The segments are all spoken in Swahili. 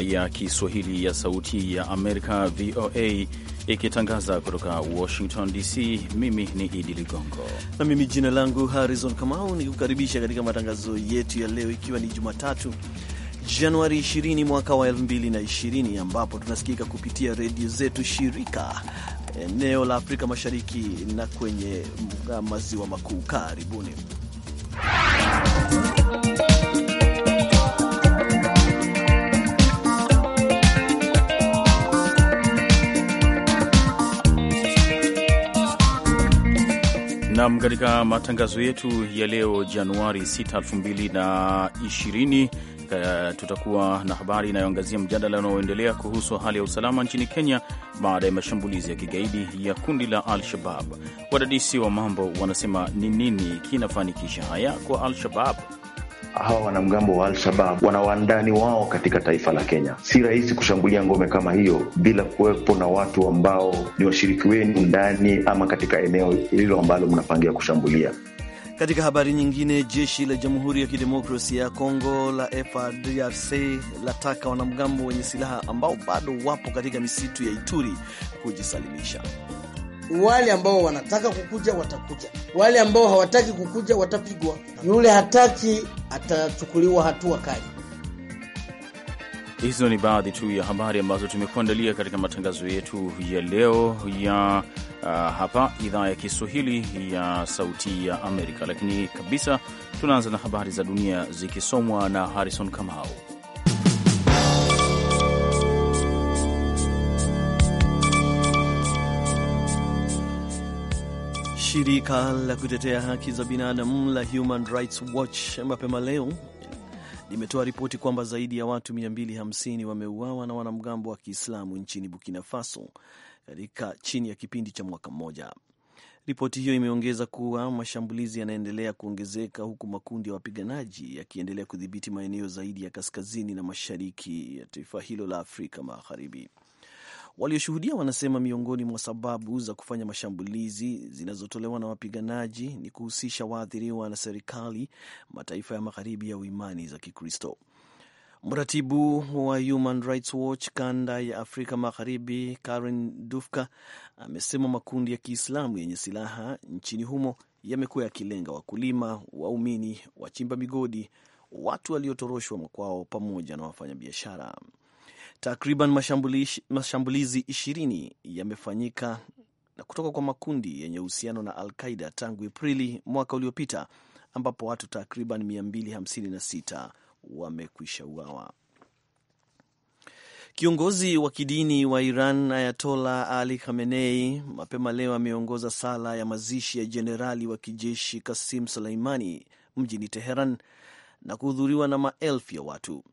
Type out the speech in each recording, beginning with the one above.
idhaa ya Kiswahili ya Sauti ya Amerika, VOA, ikitangaza kutoka Washington DC. Mimi ni Idi Ligongo na mimi jina langu Harrison Kamau, nikukaribisha katika matangazo yetu ya leo, ikiwa ni Jumatatu Januari 20 mwaka wa 2020, ambapo tunasikika kupitia redio zetu shirika eneo la Afrika Mashariki na kwenye maziwa makuu. Karibuni. Nam, katika matangazo yetu ya leo Januari 6, 2020 tutakuwa na habari inayoangazia mjadala unaoendelea kuhusu hali ya usalama nchini Kenya baada ya mashambulizi ya kigaidi ya kundi la Al-Shabab. Wadadisi wa mambo wanasema ni nini kinafanikisha haya kwa Al-Shabab? hawa wanamgambo wa Al-Shabab wana wandani wao katika taifa la Kenya. Si rahisi kushambulia ngome kama hiyo bila kuwepo na watu ambao ni washiriki wenu ndani ama katika eneo hilo ambalo mnapangia kushambulia. Katika habari nyingine, jeshi la Jamhuri ya Kidemokrasia ya Kongo la FARDC lataka wanamgambo wenye silaha ambao bado wapo katika misitu ya Ituri kujisalimisha. Wale ambao wanataka kukuja watakuja, wale ambao hawataki kukuja watapigwa. Yule hataki atachukuliwa hatua kali. Hizo ni baadhi tu ya habari ambazo tumekuandalia katika matangazo yetu ya leo ya uh, hapa idhaa ya Kiswahili ya Sauti ya Amerika, lakini kabisa tunaanza na habari za dunia zikisomwa na Harrison Kamau. Shirika la kutetea haki za binadamu la Human Rights Watch mapema leo limetoa ripoti kwamba zaidi ya watu 250 wameuawa na wanamgambo wa Kiislamu nchini Burkina Faso katika chini ya kipindi cha mwaka mmoja. Ripoti hiyo imeongeza kuwa mashambulizi yanaendelea kuongezeka huku makundi ya wapiganaji yakiendelea kudhibiti maeneo zaidi ya kaskazini na mashariki ya taifa hilo la Afrika Magharibi. Walioshuhudia wanasema miongoni mwa sababu za kufanya mashambulizi zinazotolewa na wapiganaji ni kuhusisha waathiriwa na serikali mataifa ya magharibi ya uimani za Kikristo. Mratibu wa Human Rights Watch kanda ya Afrika Magharibi, Karen Dufka, amesema makundi ya Kiislamu yenye silaha nchini humo yamekuwa yakilenga wakulima, waumini, wachimba migodi, watu waliotoroshwa makwao pamoja na wafanyabiashara. Takriban mashambulizi ishirini yamefanyika na kutoka kwa makundi yenye uhusiano na alqaida tangu Aprili mwaka uliopita, ambapo watu takriban 256 wamekwisha uawa. Kiongozi wa kidini wa Iran Ayatola Ali Khamenei mapema leo ameongoza sala ya mazishi ya jenerali wa kijeshi Kasim Suleimani mjini Teheran na kuhudhuriwa na maelfu ya watu.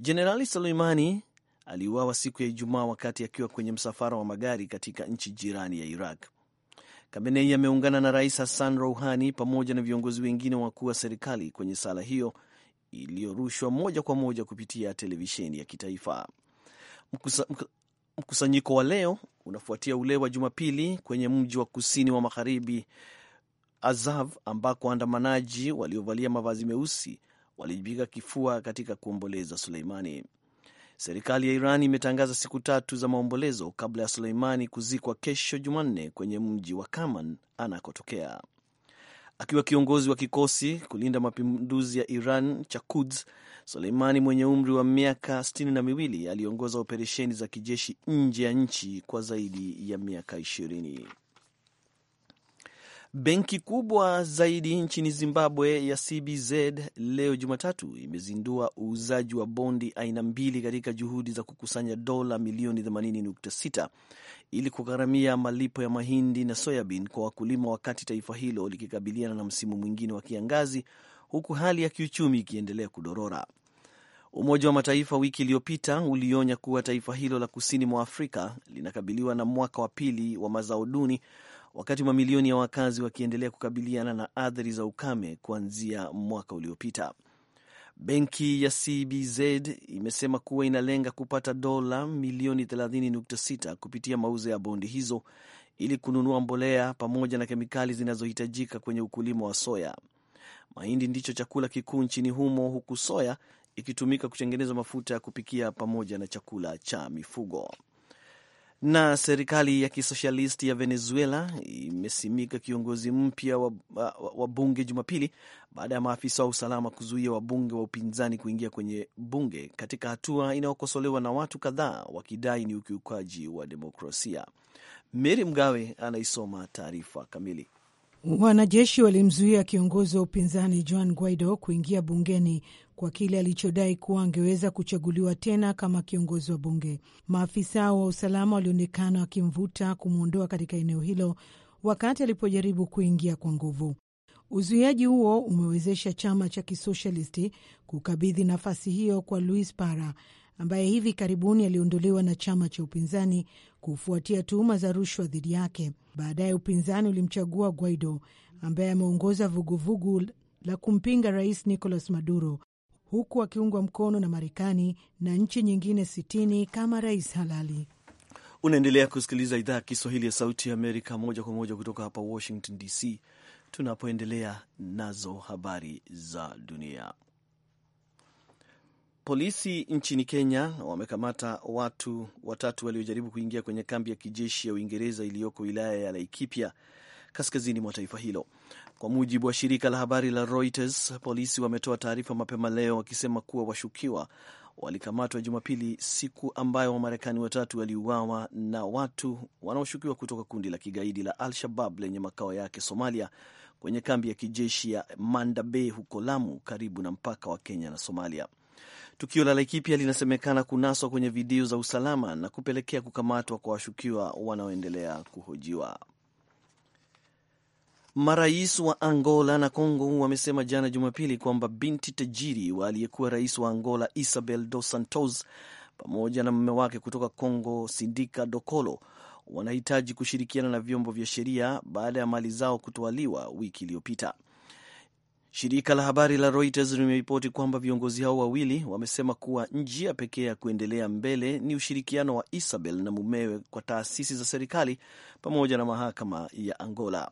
Jenerali Suleimani aliuawa siku ya Ijumaa wakati akiwa kwenye msafara wa magari katika nchi jirani ya Iraq. kamenei ameungana na Rais Hassan Rouhani pamoja na viongozi wengine wakuu wa serikali kwenye sala hiyo iliyorushwa moja kwa moja kupitia televisheni ya kitaifa. Mkusa, mkusanyiko wa leo unafuatia ule wa Jumapili kwenye mji wa kusini wa magharibi Azav, ambako waandamanaji waliovalia mavazi meusi walijipiga kifua katika kuomboleza Suleimani. Serikali ya Iran imetangaza siku tatu za maombolezo kabla ya Suleimani kuzikwa kesho Jumanne kwenye mji wa Kaman anakotokea. Akiwa kiongozi wa kikosi kulinda mapinduzi ya Iran cha Quds, Suleimani mwenye umri wa miaka sitini na miwili aliongoza operesheni za kijeshi nje ya nchi kwa zaidi ya miaka ishirini. Benki kubwa zaidi nchini Zimbabwe ya CBZ leo Jumatatu imezindua uuzaji wa bondi aina mbili katika juhudi za kukusanya dola milioni 80.6 ili kugharamia malipo ya mahindi na soyabin kwa wakulima, wakati taifa hilo likikabiliana na msimu mwingine wa kiangazi, huku hali ya kiuchumi ikiendelea kudorora. Umoja wa Mataifa wiki iliyopita ulionya kuwa taifa hilo la kusini mwa Afrika linakabiliwa na mwaka wa pili wa mazao duni wakati mamilioni ya wakazi wakiendelea kukabiliana na athari za ukame kuanzia mwaka uliopita. Benki ya CBZ imesema kuwa inalenga kupata dola milioni 30.6 kupitia mauzo ya bondi hizo ili kununua mbolea pamoja na kemikali zinazohitajika kwenye ukulima wa soya. Mahindi ndicho chakula kikuu nchini humo, huku soya ikitumika kutengeneza mafuta ya kupikia pamoja na chakula cha mifugo. Na serikali ya kisosialisti ya Venezuela imesimika kiongozi mpya wa, wa, wa bunge Jumapili baada ya maafisa wa usalama kuzuia wabunge wa upinzani kuingia kwenye bunge katika hatua inayokosolewa na watu kadhaa wakidai ni ukiukaji wa demokrasia. Meri Mgawe anaisoma taarifa kamili. Wanajeshi walimzuia kiongozi wa upinzani Juan Guaido kuingia bungeni kwa kile alichodai kuwa angeweza kuchaguliwa tena kama kiongozi wa bunge. Maafisa wa usalama walionekana wakimvuta kumwondoa katika eneo hilo wakati alipojaribu kuingia kwa nguvu. Uzuiaji huo umewezesha chama cha kisoshalisti kukabidhi nafasi hiyo kwa Luis para ambaye hivi karibuni aliondolewa na chama cha upinzani kufuatia tuhuma za rushwa dhidi yake. Baadaye upinzani ulimchagua Guaido ambaye ameongoza vuguvugu la kumpinga rais Nicolas Maduro, huku akiungwa mkono na Marekani na nchi nyingine sitini kama rais halali. Unaendelea kusikiliza idhaa ya Kiswahili ya Sauti ya Amerika moja kwa moja kutoka hapa Washington DC, tunapoendelea nazo habari za dunia. Polisi nchini Kenya wamekamata watu watatu waliojaribu kuingia kwenye kambi ya kijeshi ya Uingereza iliyoko wilaya ya Laikipia kaskazini mwa taifa hilo. Kwa mujibu wa shirika la habari la Reuters, polisi wametoa taarifa mapema leo wakisema kuwa washukiwa walikamatwa Jumapili, siku ambayo Wamarekani watatu waliuawa na watu wanaoshukiwa kutoka kundi la kigaidi la Al-Shabab lenye makao yake Somalia, kwenye kambi ya kijeshi ya Manda Bay huko Lamu, karibu na mpaka wa Kenya na Somalia. Tukio la pia linasemekana kunaswa kwenye video za usalama na kupelekea kukamatwa kwa washukiwa wanaoendelea kuhojiwa. Marais wa Angola na Congo wamesema jana Jumapili kwamba binti tajiri wa aliyekuwa rais wa Angola Isabel Dos Santos pamoja na mume wake kutoka Congo Sindika Dokolo wanahitaji kushirikiana na vyombo vya sheria baada ya mali zao kutwaliwa wiki iliyopita. Shirika la habari la Reuters limeripoti kwamba viongozi hao wawili wamesema kuwa njia pekee ya kuendelea mbele ni ushirikiano wa Isabel na mumewe kwa taasisi za serikali pamoja na mahakama ya Angola.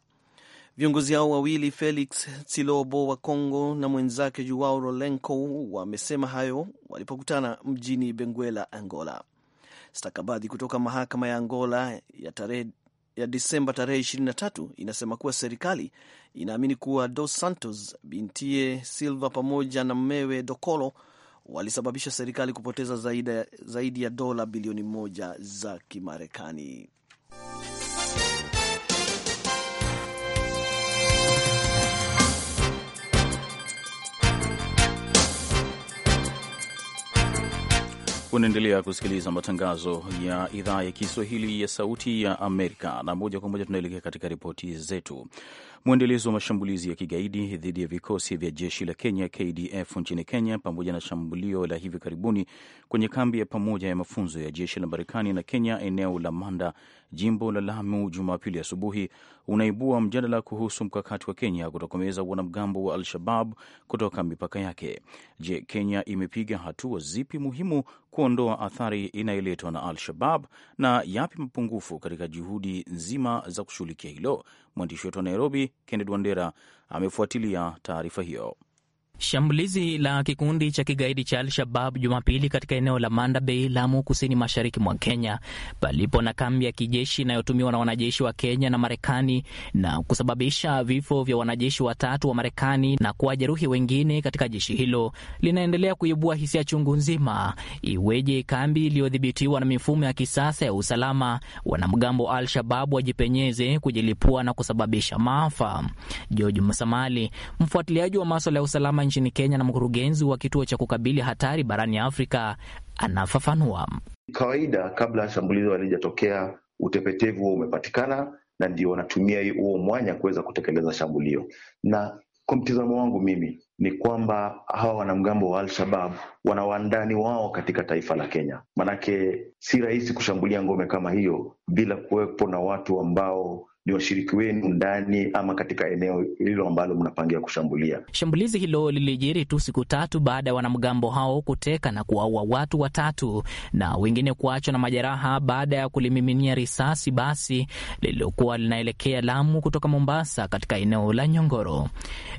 Viongozi hao wawili Felix Tshilobo wa Congo na mwenzake Joao Rolenko wamesema hayo walipokutana mjini Benguela, Angola. Stakabadhi kutoka mahakama ya Angola ya tarehe ya Disemba tarehe 23 inasema kuwa serikali inaamini kuwa Dos Santos, bintie Silva pamoja na mmewe Dokolo walisababisha serikali kupoteza zaidi ya dola bilioni moja za Kimarekani. Unaendelea kusikiliza matangazo ya idhaa ya Kiswahili ya Sauti ya Amerika, na moja kwa moja tunaelekea katika ripoti zetu. Mwendelezo wa mashambulizi ya kigaidi dhidi ya vikosi vya jeshi la Kenya KDF nchini Kenya, pamoja na shambulio la hivi karibuni kwenye kambi ya pamoja ya mafunzo ya jeshi la Marekani na Kenya eneo la Manda, jimbo la Lamu, Jumapili asubuhi, unaibua mjadala kuhusu mkakati wa Kenya kutokomeza wanamgambo wa Al-Shabab kutoka mipaka yake. Je, Kenya imepiga hatua zipi muhimu kuondoa athari inayoletwa na Al-Shabab na yapi mapungufu katika juhudi nzima za kushughulikia hilo. Mwandishi wetu wa Nairobi, Kennedy Wandera, amefuatilia taarifa hiyo. Shambulizi la kikundi cha kigaidi cha Al-Shabab Jumapili katika eneo la Mandabey, Lamu, kusini mashariki mwa Kenya, palipo na kambi ya kijeshi inayotumiwa na wanajeshi wa Kenya na Marekani na kusababisha vifo vya wanajeshi watatu wa Marekani na kuwajeruhi wengine katika jeshi hilo, linaendelea kuibua hisia chungu nzima. Iweje kambi iliyodhibitiwa na mifumo ya kisasa ya usalama, wanamgambo wa Al-Shabab wajipenyeze, kujilipua na kusababisha maafa? George Msamali, mfuatiliaji wa maswala ya usalama nchini Kenya na mkurugenzi wa kituo cha kukabili hatari barani Afrika anafafanua. Kawaida kabla ya shambulizo halijatokea, utepetevu huo umepatikana na ndio wanatumia huo mwanya kuweza kutekeleza shambulio. Na kwa mtizamo wangu mimi ni kwamba hawa wanamgambo wa Al-Shabab wana wandani wao katika taifa la Kenya, manake si rahisi kushambulia ngome kama hiyo bila kuwepo na watu ambao ni washiriki wenu ndani ama katika eneo hilo ambalo mnapangia kushambulia. Shambulizi hilo lilijiri tu siku tatu baada ya wanamgambo hao kuteka na kuwaua watu watatu na wengine kuachwa na majeraha baada ya kulimiminia risasi basi lililokuwa linaelekea Lamu kutoka Mombasa katika eneo la Nyongoro.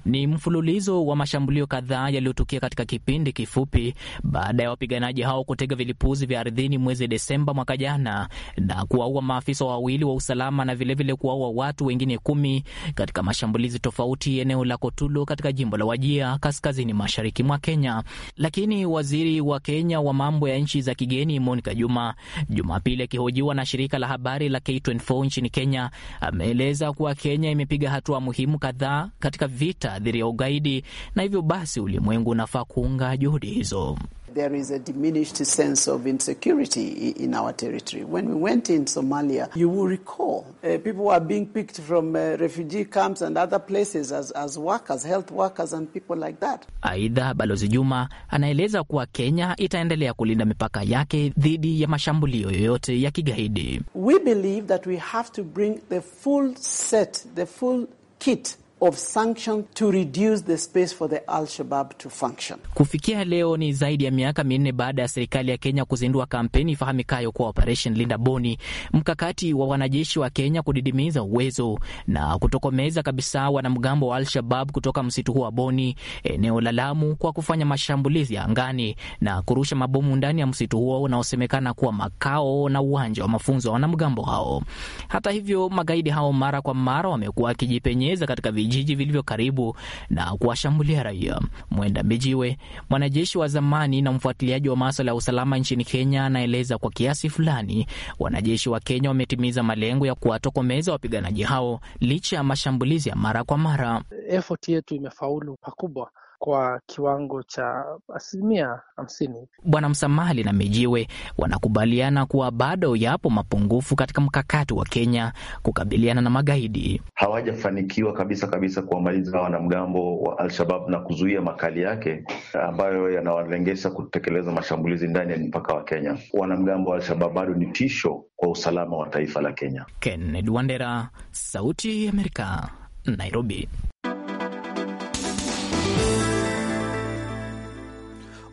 Ni mfululizo wa mashambulio kadhaa yaliyotukia katika kipindi kifupi baada ya wapiganaji hao kutega vilipuzi vya ardhini mwezi Desemba mwaka jana na kuwaua maafisa wawili wa usalama na vilevile kuwaua kuwaua watu wengine kumi katika mashambulizi tofauti eneo la Kotulo katika jimbo la Wajia kaskazini mashariki mwa Kenya. Lakini waziri wa Kenya wa mambo ya nchi za kigeni Monica Juma Jumapili akihojiwa na shirika la habari la K24 nchini Kenya ameeleza kuwa Kenya imepiga hatua muhimu kadhaa katika vita dhidi ya ugaidi na hivyo basi ulimwengu unafaa kuunga juhudi hizo. There is a diminished sense of insecurity in our territory. When we went in Somalia, you will recall uh, people were being picked from uh, refugee camps and other places as, as workers, health workers and people like that. Aidha, Balozi Juma anaeleza kuwa Kenya itaendelea kulinda mipaka yake dhidi ya mashambulio yoyote ya kigaidi. We believe that we have to bring the full set, the full kit of sanction to reduce the space for the Al-Shabaab to function. Kufikia leo ni zaidi ya miaka minne baada ya serikali ya Kenya kuzindua kampeni ifahamikayo kwa Operation Linda Boni, mkakati wa wanajeshi wa Kenya kudidimiza uwezo na kutokomeza kabisa wanamgambo wa Al-Shabaab kutoka msitu huo wa Boni, eneo la Lamu, kwa kufanya mashambulizi ya angani na kurusha mabomu ndani ya msitu huo unaosemekana kuwa makao na uwanja wa mafunzo wa wanamgambo hao. Hata hivyo, magaidi hao mara kwa mara wamekuwa wakijipenyeza katika vijiji vilivyo karibu na kuwashambulia raia. Mwenda Mijiwe, mwanajeshi wa zamani na mfuatiliaji wa maswala ya usalama nchini Kenya, anaeleza kwa kiasi fulani wanajeshi wa Kenya wametimiza malengo ya kuwatokomeza wapiganaji hao licha ya mashambulizi ya mara kwa mara. Effort yetu imefaulu pakubwa kwa kiwango cha asilimia hamsini. Bwana Msamali na Mejiwe wanakubaliana kuwa bado yapo mapungufu katika mkakati wa Kenya kukabiliana na magaidi. Hawajafanikiwa kabisa kabisa kuwamaliza wanamgambo wa Al-Shabab na kuzuia makali yake ambayo yanawalengesha kutekeleza mashambulizi ndani ya mpaka wa Kenya. Wanamgambo wa al bado ni tisho kwa usalama wa taifa la Kenya. Kennedy Wandera, Sauti ya Amerika, Nairobi.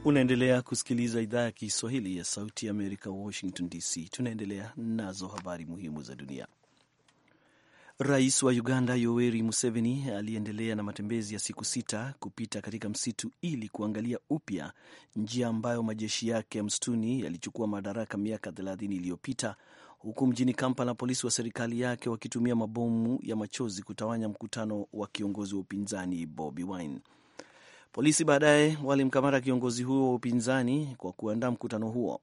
Unaendelea kusikiliza idhaa ya Kiswahili ya Sauti ya Amerika, Washington DC. Tunaendelea nazo habari muhimu za dunia. Rais wa Uganda Yoweri Museveni aliendelea na matembezi ya siku sita kupita katika msitu ili kuangalia upya njia ambayo majeshi yake ya msituni yalichukua madaraka miaka 30 iliyopita, huku mjini Kampala polisi wa serikali yake wakitumia mabomu ya machozi kutawanya mkutano wa kiongozi wa upinzani Bobi Wine. Polisi baadaye walimkamata kiongozi huo wa upinzani kwa kuandaa mkutano huo.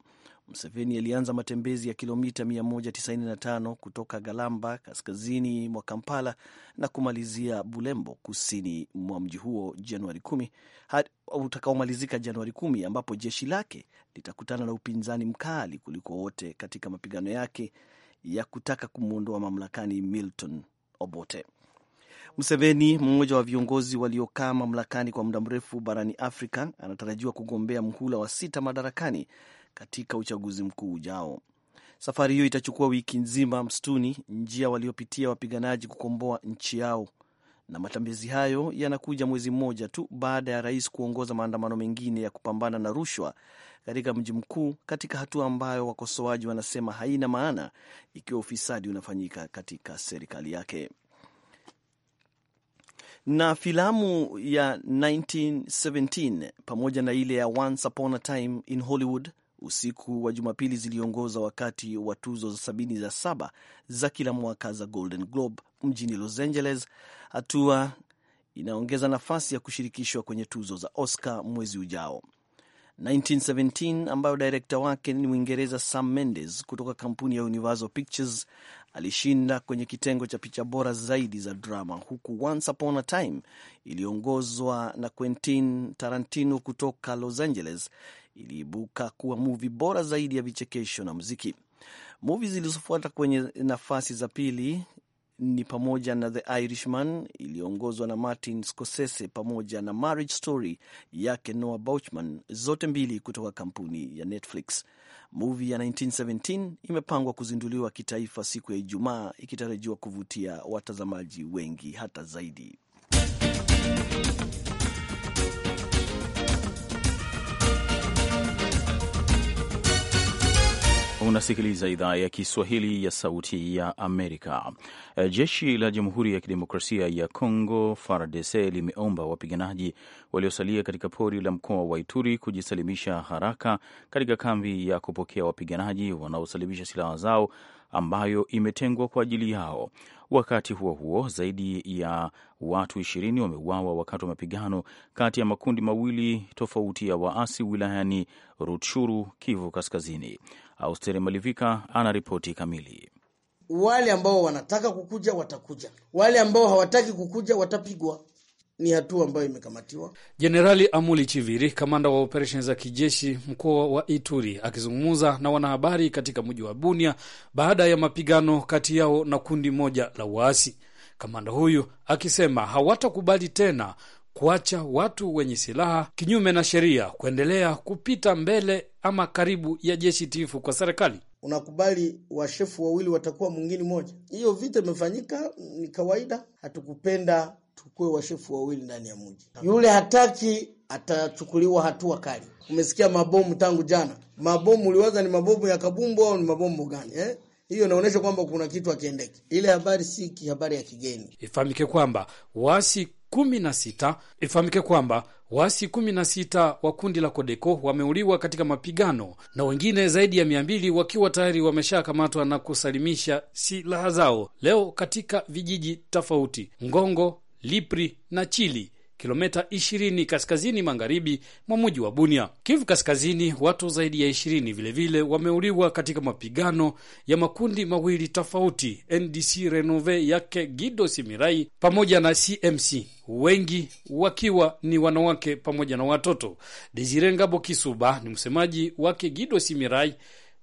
mseveni alianza matembezi ya kilomita 195 kutoka Galamba kaskazini mwa Kampala na kumalizia Bulembo kusini mwa mji huo Januari 10 utakaomalizika Januari 10 ambapo jeshi lake litakutana na upinzani mkali kuliko wote katika mapigano yake ya kutaka kumwondoa mamlakani Milton Obote. Museveni, mmoja wa viongozi waliokaa mamlakani kwa muda mrefu barani Afrika, anatarajiwa kugombea mhula wa sita madarakani katika uchaguzi mkuu ujao. Safari hiyo itachukua wiki nzima msituni, njia waliopitia wapiganaji kukomboa nchi yao, na matembezi hayo yanakuja mwezi mmoja tu baada ya rais kuongoza maandamano mengine ya kupambana na rushwa katika mji mkuu, katika hatua ambayo wakosoaji wanasema haina maana ikiwa ufisadi unafanyika katika serikali yake na filamu ya 1917 pamoja na ile ya Once Upon a Time in Hollywood usiku wa Jumapili ziliongoza wakati wa tuzo za sabini za saba za kila mwaka za Golden Globe mjini Los Angeles, hatua inaongeza nafasi ya kushirikishwa kwenye tuzo za Oscar mwezi ujao. 1917 ambayo direkta wake ni Mwingereza Sam Mendes kutoka kampuni ya Universal Pictures alishinda kwenye kitengo cha picha bora zaidi za drama, huku Once Upon a Time iliyoongozwa na Quentin Tarantino kutoka Los Angeles iliibuka kuwa muvi bora zaidi ya vichekesho na muziki. Muvi zilizofuata kwenye nafasi za pili ni pamoja na The Irishman iliyoongozwa na Martin Scorsese pamoja na Marriage Story yake Noah Bauchman, zote mbili kutoka kampuni ya Netflix. Movie ya 1917 imepangwa kuzinduliwa kitaifa siku ya Ijumaa, ikitarajiwa kuvutia watazamaji wengi hata zaidi. Unasikiliza idhaa ya Kiswahili ya Sauti ya Amerika. Eh, jeshi la Jamhuri ya Kidemokrasia ya Kongo, FARDC, limeomba wapiganaji waliosalia katika pori la mkoa wa Ituri kujisalimisha haraka katika kambi ya kupokea wapiganaji wanaosalimisha silaha zao ambayo imetengwa kwa ajili yao. Wakati huo huo, zaidi ya watu ishirini wameuawa wakati wa mapigano kati ya makundi mawili tofauti ya waasi wilayani Rutshuru, Kivu Kaskazini. Austeri Malivika ana ripoti kamili. Wale ambao wanataka kukuja watakuja, wale ambao hawataki kukuja watapigwa. Ni hatua ambayo imekamatiwa. Jenerali Amuli Chiviri, kamanda wa operesheni za kijeshi mkoa wa Ituri, akizungumza na wanahabari katika mji wa Bunia baada ya mapigano kati yao na kundi moja la waasi. Kamanda huyu akisema hawatakubali tena kuacha watu wenye silaha kinyume na sheria kuendelea kupita mbele ama karibu ya jeshi tifu kwa serikali. Unakubali washefu wawili watakuwa mwingine moja. Hiyo vita imefanyika, ni kawaida. Hatukupenda tukuwe washefu wawili ndani ya mji. Yule hataki atachukuliwa hatua kali. Umesikia mabomu tangu jana, mabomu uliwaza ni mabomu ya kabumbu au ni mabomu gani eh? Hiyo inaonyesha kwamba kuna kitu akiendeki. Ile habari si habari ya kigeni. Ifahamike kwamba wasi kumi na sita. Ifahamike kwamba waasi kumi na sita wa kundi la Kodeko wameuliwa katika mapigano na wengine zaidi ya mia mbili wakiwa tayari wameshakamatwa na kusalimisha silaha zao leo katika vijiji tofauti Ngongo, Lipri na Chili kilomita 20 kaskazini magharibi mwa mji wa Bunia, Kivu Kaskazini. Watu zaidi ya 20 vilevile wameuliwa katika mapigano ya makundi mawili tofauti, NDC Renove yake Gido Simirai pamoja na CMC, wengi wakiwa ni wanawake pamoja na watoto. Desire Ngabo Kisuba ni msemaji wake Gido Simirai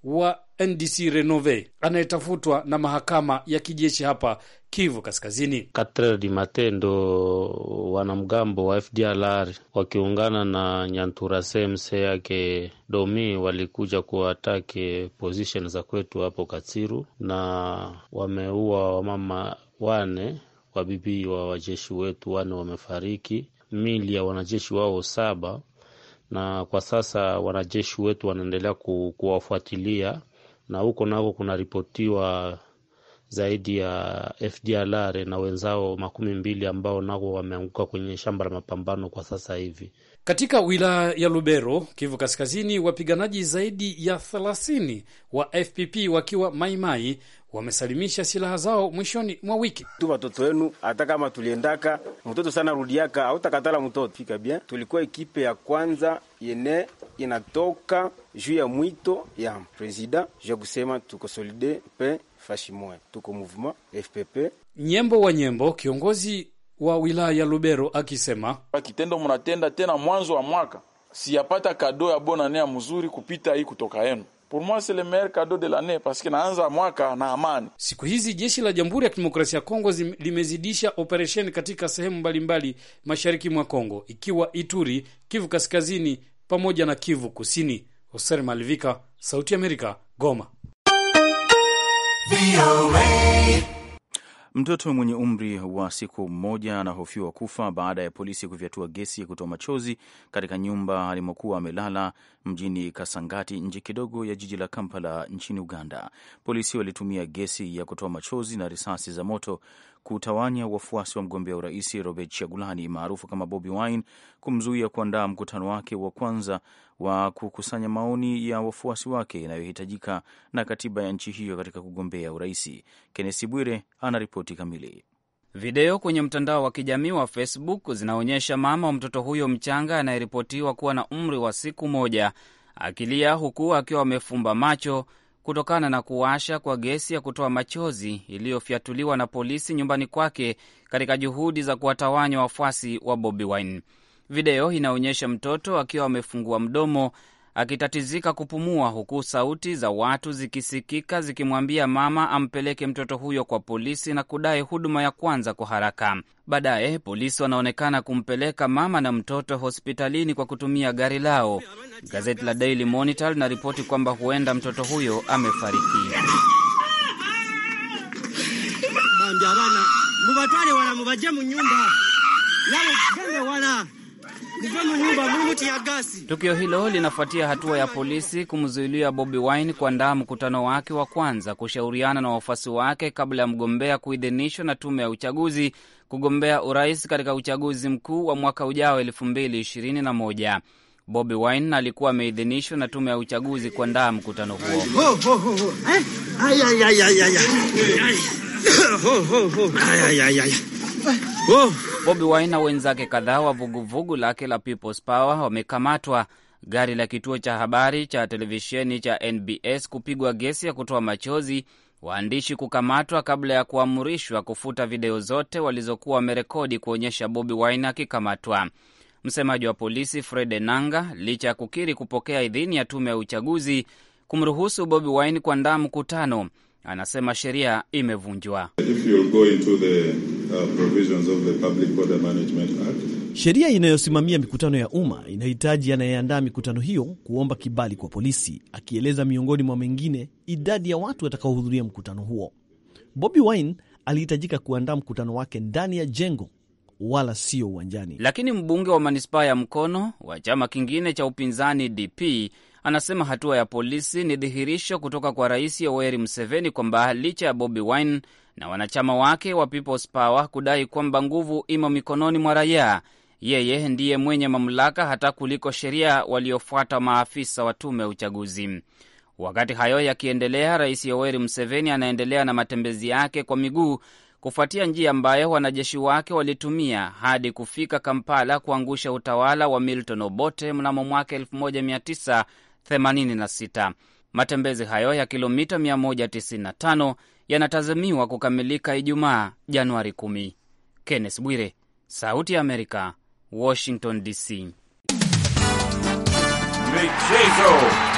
wa NDC Renove anayetafutwa na mahakama ya kijeshi hapa Kivu Kaskazini. Katre di mate ndo wanamgambo wa FDLR wakiungana na Nyantura CMC yake Domi walikuja kuwatake position za kwetu hapo Katsiru, na wameua wamama wane wabibi wa wajeshi wetu wane wamefariki, mili ya wanajeshi wao saba, na kwa sasa wanajeshi wetu wanaendelea ku, kuwafuatilia na huko nako kunaripotiwa zaidi ya FDLR na wenzao makumi mbili ambao nako wameanguka kwenye shamba la mapambano kwa sasa hivi. Katika wilaya ya Lubero, Kivu Kaskazini, wapiganaji zaidi ya 30 wa FPP wakiwa maimai wamesalimisha silaha zao mwishoni mwa wiki. tu watoto wenu, hata kama tuliendaka mtoto sana rudiaka, autakatala mtoto fika bien. Tulikuwa ekipe ya kwanza yene inatoka juu ya mwito ya presida ja kusema tuko solide pe fashimoe tuko mouvement FPP. Nyembo wa Nyembo, kiongozi wa wilaya ya Lubero akisema kitendo mnatenda tena mwanzo wa mwaka siyapata kado ya nea mzuri kupita hii kutoka yenu pour moi c'est le meilleur cadeau de l'année parce que naanza mwaka na amani. Siku hizi jeshi la Jamhuri ya Kidemokrasia ya Kongo limezidisha operesheni katika sehemu mbalimbali mashariki mwa Kongo, ikiwa Ituri, Kivu Kaskazini pamoja na Kivu Kusini. Hoser Malivika, Sauti Amerika, Goma. Mtoto mwenye umri wa siku moja anahofiwa kufa baada ya polisi kufyatua gesi ya kutoa machozi katika nyumba alimokuwa amelala mjini Kasangati, nje kidogo ya jiji la Kampala nchini Uganda. Polisi walitumia gesi ya kutoa machozi na risasi za moto kutawanya wafuasi wa mgombea urais Robert Chagulani maarufu kama Bobi Wine, kumzuia kuandaa mkutano wake wa kwanza wa kukusanya maoni ya wafuasi wake inayohitajika na katiba ya nchi hiyo katika kugombea uraisi. Kennesi Bwire ana ripoti kamili. Video kwenye mtandao wa kijamii wa Facebook zinaonyesha mama wa mtoto huyo mchanga anayeripotiwa kuwa na umri wa siku moja akilia huku akiwa amefumba macho kutokana na kuwasha kwa gesi ya kutoa machozi iliyofyatuliwa na polisi nyumbani kwake katika juhudi za kuwatawanya wafuasi wa Bobi Wine. Video inaonyesha mtoto akiwa amefungua mdomo akitatizika kupumua, huku sauti za watu zikisikika zikimwambia mama ampeleke mtoto huyo kwa polisi na kudai huduma ya kwanza kwa haraka. Baadaye polisi wanaonekana kumpeleka mama na mtoto hospitalini kwa kutumia gari lao. Gazeti la Daily Monitor linaripoti kwamba huenda mtoto huyo amefariki. Tukio hilo linafuatia hatua ya polisi kumzuilia Bobi Wine kuandaa mkutano wake wa kwanza kushauriana na wafuasi wake kabla ya mgombea kuidhinishwa na tume ya uchaguzi kugombea urais katika uchaguzi mkuu wa mwaka ujao elfu mbili ishirini na moja. Bobi Wine alikuwa ameidhinishwa na tume ya uchaguzi kuandaa mkutano huo. ho, ho, ho. Bobi Wine na wenzake kadhaa wa vuguvugu lake la People's Power wamekamatwa. Gari la kituo cha habari cha televisheni cha NBS kupigwa gesi ya kutoa machozi, waandishi kukamatwa kabla ya kuamrishwa kufuta video zote walizokuwa wamerekodi kuonyesha Bobi Wine akikamatwa. Msemaji wa polisi Fred Enanga, licha ya kukiri kupokea idhini ya tume ya uchaguzi kumruhusu Bobi Wine kuandaa mkutano, anasema sheria imevunjwa. Uh, provisions of the Public Order Management Act. Sheria inayosimamia mikutano ya umma inahitaji anayeandaa mikutano hiyo kuomba kibali kwa polisi, akieleza miongoni mwa mengine idadi ya watu watakaohudhuria mkutano huo. Bobi Wine alihitajika kuandaa mkutano wake ndani ya jengo wala sio uwanjani. Lakini mbunge wa manispaa ya Mkono wa chama kingine cha upinzani DP anasema hatua ya polisi ni dhihirisho kutoka kwa Rais Yoweri Museveni kwamba licha ya Bobi Wine na wanachama wake wa People's Power kudai kwamba nguvu imo mikononi mwa raia, yeye ndiye mwenye mamlaka hata kuliko sheria waliofuata maafisa wa tume ya uchaguzi. Wakati hayo yakiendelea, Rais Yoweri Museveni anaendelea na matembezi yake kwa miguu kufuatia njia ambayo wanajeshi wake walitumia hadi kufika Kampala kuangusha utawala wa Milton Obote mnamo mwaka 19 86. Matembezi hayo ya kilomita 195 yanatazamiwa kukamilika Ijumaa, Januari 10. Kenneth Bwire, Sauti ya Amerika, Washington DC. Michezo.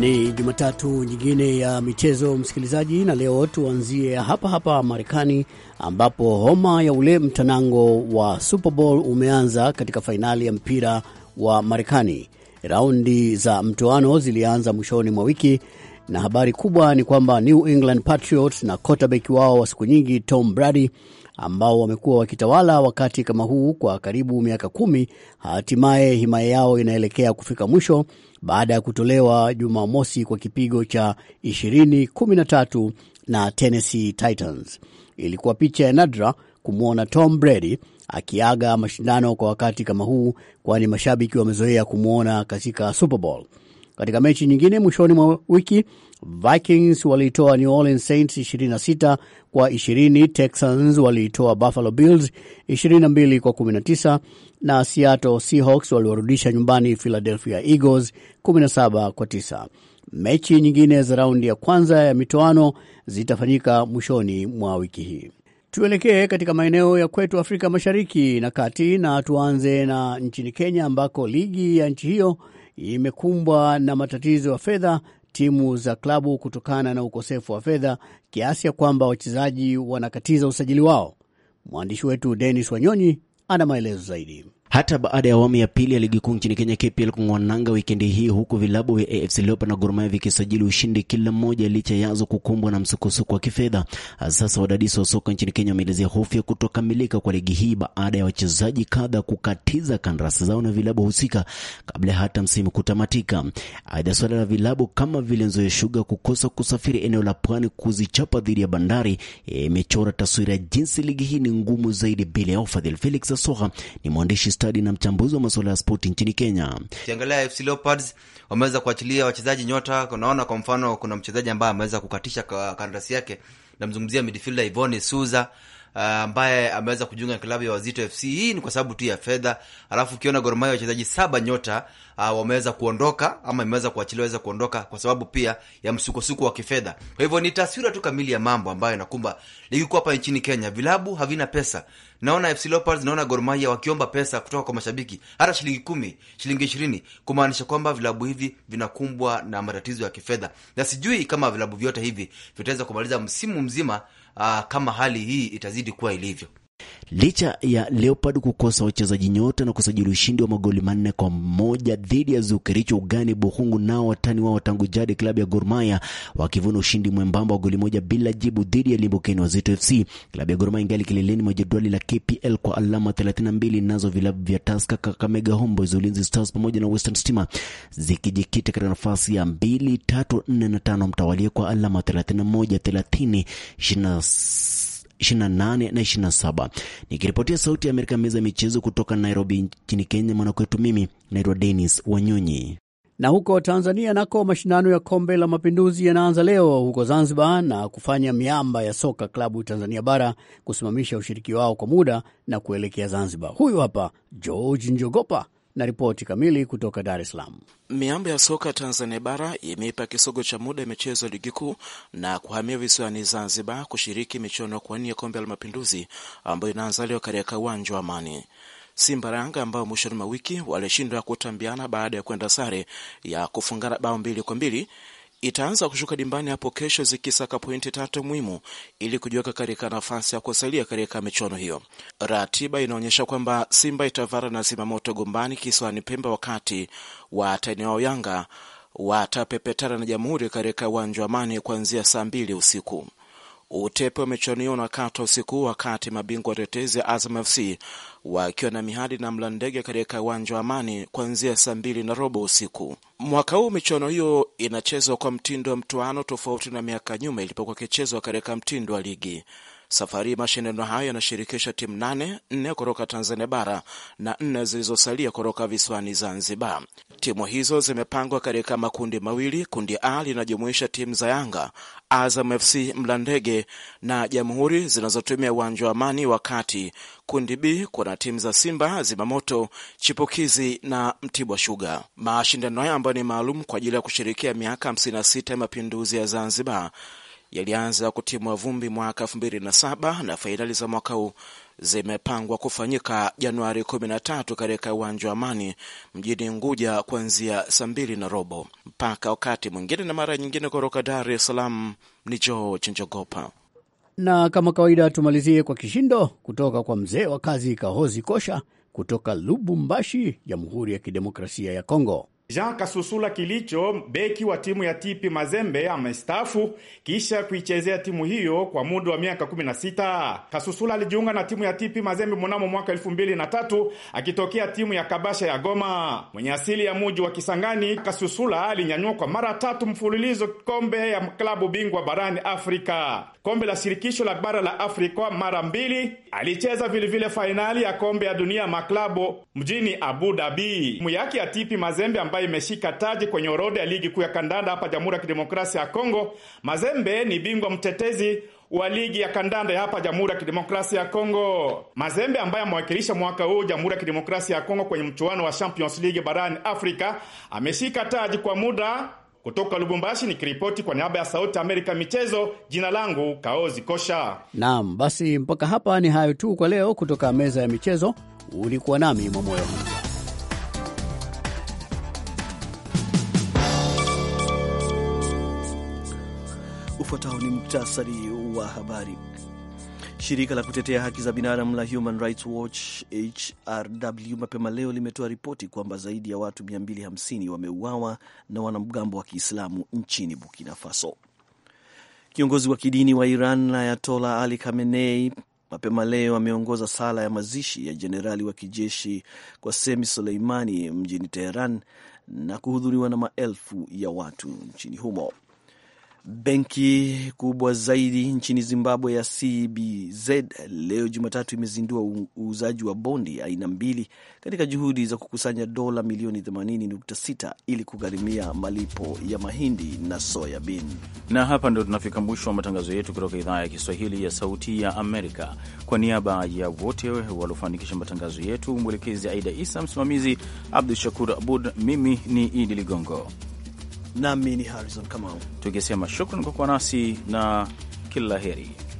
Ni Jumatatu nyingine ya michezo, msikilizaji, na leo tuanzie hapa hapa Marekani ambapo homa ya ule mtanango wa Super Bowl umeanza katika fainali ya mpira wa Marekani. Raundi za mtoano zilianza mwishoni mwa wiki na habari kubwa ni kwamba New England Patriots na quarterback wao wa siku nyingi Tom Brady ambao wamekuwa wakitawala wakati kama huu kwa karibu miaka kumi, hatimaye himaya yao inaelekea kufika mwisho baada ya kutolewa Jumamosi kwa kipigo cha 2013 na Tennessee Titans. Ilikuwa picha ya nadra kumwona Tom Brady akiaga mashindano kwa wakati kama huu, kwani mashabiki wamezoea kumwona katika Super Bowl. Katika mechi nyingine mwishoni mwa wiki, Vikings waliitoa New Orleans Saints 26 kwa 20, Texans waliitoa Buffalo Bills 22 kwa 19, na Seattle Seahawks waliwarudisha nyumbani Philadelphia Eagles 17 kwa 9. Mechi nyingine za raundi ya kwanza ya mitoano zitafanyika mwishoni mwa wiki hii. Tuelekee katika maeneo ya kwetu Afrika Mashariki na Kati, na tuanze na nchini Kenya ambako ligi ya nchi hiyo imekumbwa na matatizo ya fedha timu za klabu kutokana na ukosefu wa fedha kiasi ya kwamba wachezaji wanakatiza usajili wao. Mwandishi wetu Denis Wanyonyi ana maelezo zaidi hata baada ya awamu ya pili ya ligi kuu nchini Kenya KPL nanga wikendi hii, huku vilabu vya AFC Leopards na Gor Mahia vikisajili ushindi kila mmoja, licha yazo kukumbwa na msukosuko wa kifedha. Sasa wadadisi wa soka nchini Kenya wameelezea hofu ya kutokamilika kwa ligi hii baada ya wachezaji kadha kukatiza kandarasi zao na vilabu husika kabla hata msimu kutamatika. Aidha, suala la vilabu kama vile Nzoia Sugar kukosa kusafiri eneo la pwani kuzichapa dhidi ya Bandari eh, imechora taswira jinsi ligi hii ni ngumu zaidi bila ya ufadhili. Felix Asoha ni mwandishi ustadi na mchambuzi wa masuala ya spoti nchini Kenya. Ukiangalia FC Leopards wameweza kuachilia wachezaji nyota. Unaona, kwa mfano kuna mchezaji ambaye ameweza kukatisha kandarasi yake, namzungumzia midfielder Ivone Souza Ah, ambaye uh, ameweza kujiunga na klabu ya Wazito FC. Hii ni kwa sababu tu ya fedha. Alafu ukiona Gor Mahia wachezaji saba nyota uh, wameweza kuondoka ama imeweza kuachilia waweza kuondoka kwa sababu pia ya msukosuko wa kifedha. Kwa hivyo ni taswira tu kamili ya mambo ambayo inakumba ligi kuu hapa nchini Kenya. Vilabu havina pesa. Naona FC Leopards, naona Gor Mahia wakiomba pesa kutoka kwa mashabiki hata shilingi kumi, shilingi ishirini, kumaanisha kwamba vilabu hivi vinakumbwa na matatizo ya kifedha, na sijui kama vilabu vyote hivi vitaweza kumaliza msimu mzima Ah, kama hali hii itazidi kuwa ilivyo. Licha ya Leopard kukosa wachezaji nyota na kusajili ushindi wa magoli manne kwa moja dhidi ya Zukericho ugani Buhungu, nao watani wao tangu jadi klabu ya gormaya wakivuna ushindi mwembamba wa goli moja bila jibu dhidi ya limbukeni Wazito FC. Klabu ya gormaya ingali kileleni mwa jedwali la KPL kwa alama 32, nazo vilabu vya Taska, Kakamega Homeboys, Ulinzi Stars pamoja na Western Stima zikijikita katika nafasi ya 2, 3, 4 na 5 mtawalia kwa alama 31, 30, 26 28 na 27. Nikiripotia Sauti ya Amerika, meza ya michezo kutoka Nairobi nchini Kenya, mwanakwetu mimi naitwa Dennis Wanyonyi. Na huko Tanzania nako mashindano ya kombe la mapinduzi yanaanza leo huko Zanzibar na kufanya miamba ya soka klabu Tanzania bara kusimamisha ushiriki wao kwa muda na kuelekea Zanzibar. Huyu hapa George Njogopa na ripoti kamili kutoka Dar es Salaam. Miambo ya soka Tanzania bara imeipa kisogo cha muda ya michezo ya ligi kuu na kuhamia visiwani Zanzibar kushiriki michuano ya kuwania kombe la Mapinduzi ambayo inaanza leo katika uwanja wa Amani. Simba Yanga ambao mwishoni mwa wiki walishindwa kutambiana baada ya kwenda sare ya kufungana bao mbili kwa mbili itaanza kushuka dimbani hapo kesho zikisaka pointi tatu muhimu ili kujiweka katika nafasi ya kusalia katika michuano hiyo. Ratiba inaonyesha kwamba Simba itavara na Zimamoto Gombani kisiwani Pemba, wakati watani wao Yanga watapepetana na Jamhuri katika uwanja wa Amani kuanzia saa mbili usiku. Utepe wa michuano hiyo unakata usiku, wakati mabingwa tetezi ya Azam FC wakiwa na mihadi na mla ndege katika uwanja wa Amani kuanzia saa mbili na robo usiku. Mwaka huu michuano hiyo inachezwa kwa mtindo wa mtoano, tofauti na miaka nyuma ilipokuwa ikichezwa katika mtindo wa ligi. Safari mashindano hayo yanashirikisha timu nane, nne kutoka Tanzania bara na nne zilizosalia kutoka visiwani Zanzibar. Timu hizo zimepangwa katika makundi mawili. Kundi A linajumuisha timu za Yanga, Azam FC, Mlandege na Jamhuri zinazotumia uwanja wa Amani, wakati kundi B kuna timu za Simba, Zimamoto, Chipukizi na Mtibwa Shuga. Mashindano hayo ambayo ni maalum kwa ajili ya kushirikia miaka 56 ya mapinduzi ya Zanzibar yalianza kutimwa vumbi mwaka e27 na fainali za mwaka huu zimepangwa kufanyika Januari 13 katika uwanja wa Amani mjini Nguja kuanzia saa mbili na robo mpaka wakati mwingine na mara nyingine. Kutoka Dar es Salaam ni George Njogopa, na kama kawaida tumalizie kwa kishindo kutoka kwa mzee wa kazi Kahozi Kosha kutoka Lubumbashi, Jamhuri ya Kidemokrasia ya Kongo. Jean Kasusula Kilicho, beki wa timu ya TP Mazembe amestafu kisha kuichezea timu hiyo kwa muda wa miaka 16. Kasusula alijiunga na timu ya TP Mazembe mnamo mwaka 2003 akitokea timu ya Kabasha ya Goma. Mwenye asili ya muji wa Kisangani, Kasusula alinyanyua kwa mara tatu mfululizo kombe ya klabu bingwa barani Afrika, kombe la shirikisho la bara la Afrika mara mbili. Alicheza vilevile fainali ya kombe ya dunia maklabu mjini Abu Dhabi. Timu yake ya TP Mazembe ambayo imeshika taji kwenye orodha ya ligi kuu ya kandanda hapa Jamhuri ya Kidemokrasia ya Kongo. Mazembe ni bingwa mtetezi wa ligi ya kandanda hapa Jamhuri ya Kidemokrasia ya Kongo. Mazembe ambaye amewakilisha mwaka huu Jamhuri ya Kidemokrasia ya Kongo kwenye mchuano wa Champions League barani Afrika ameshika taji kwa muda. Kutoka Lubumbashi nikiripoti kwa niaba ya Sauti Amerika michezo, jina langu Kaozi Kosha. Naam, basi mpaka hapa ni hayo tu kwa leo, kutoka meza ya michezo. Ulikuwa nami Mwamoyo. Ufuatao ni muktasari wa habari. Shirika la kutetea haki za binadamu la Human Rights Watch HRW mapema leo limetoa ripoti kwamba zaidi ya watu 250 wameuawa na wanamgambo wa Kiislamu nchini Burkina Faso. Kiongozi wa kidini wa Iran Ayatola Ali Khamenei mapema leo ameongoza sala ya mazishi ya jenerali wa kijeshi kwa Semi Soleimani mjini Teheran na kuhudhuriwa na maelfu ya watu nchini humo. Benki kubwa zaidi nchini Zimbabwe ya CBZ leo Jumatatu imezindua uuzaji wa bondi aina mbili katika juhudi za kukusanya dola milioni 80.6 ili kugharimia malipo ya mahindi na soya bin. Na hapa ndo tunafika mwisho wa matangazo yetu kutoka idhaa ya Kiswahili ya Sauti ya Amerika. Kwa niaba ya wote waliofanikisha matangazo yetu, mwelekezi Aida Isa, msimamizi Abdu Shakur Abud, mimi ni Idi Ligongo nami ni Harrison Kamau, tukisema shukran kwa kuwa nasi na kila la heri.